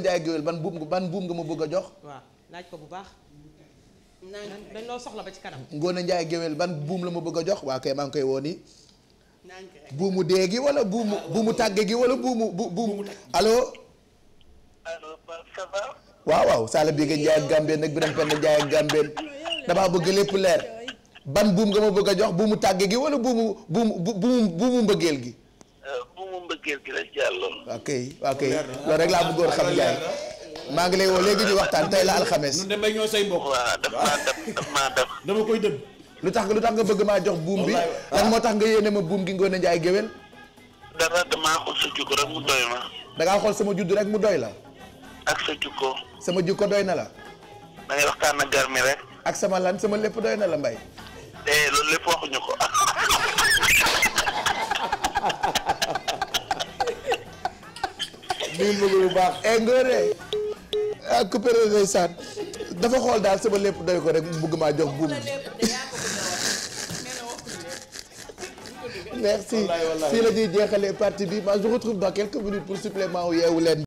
Ndiaye géwél ban buum ban buum nga ma bëgg a jox. waaw laaj ko bu baax. dañ loo soxla ci kanam. Ngoone Ndiaye géwél ban buum la ma bëgg a jox waa kay maa ngi koy woo nii. buumu dee gi wala buumu ah, buumu tàgge gi wala buumu bu buumu allo. waaw waaw Sala Biége Ndiaye ak Gambeen nag Birame Penda Ndiaye ak Gambeen damaa bëgg lépp leer ban buum nga ma bëgg a jox buumu tàggee gi wala buumu buumu buumu buumu gi. kër gi rek jàll. ok ok loolu rek laa bëggoon xam jaay maa ngi lay woo léegi ñu waxtaan tey la alxames. ñun de mbay ñoo say mbokk. waaw daf maa def daf maa def. dama koy dëb. lu tax lu tax nga bëgg maa jox buum bi. lan moo tax nga yéene ma buum gi Ngoné Ndiaye géwél. dara xool sa jukko rek mu doy ma. da ngaa xool sama juddu rek mu doy la. ak sa jukko. sama jukko doy na la. da ngay waxtaan ak gar rek. ak sama lan sama lépp doy na la mbay. eh loolu lépp waxuñu ko. ñu ngi bëgg bu baax. et eh, ngoone ah dafa xool daal sama lépp doy ko rek bëgg maa jox buum merci fii la ñuy jeexalee partie bi ma je retrouve dans quelques minutes pour supplément yeewu leen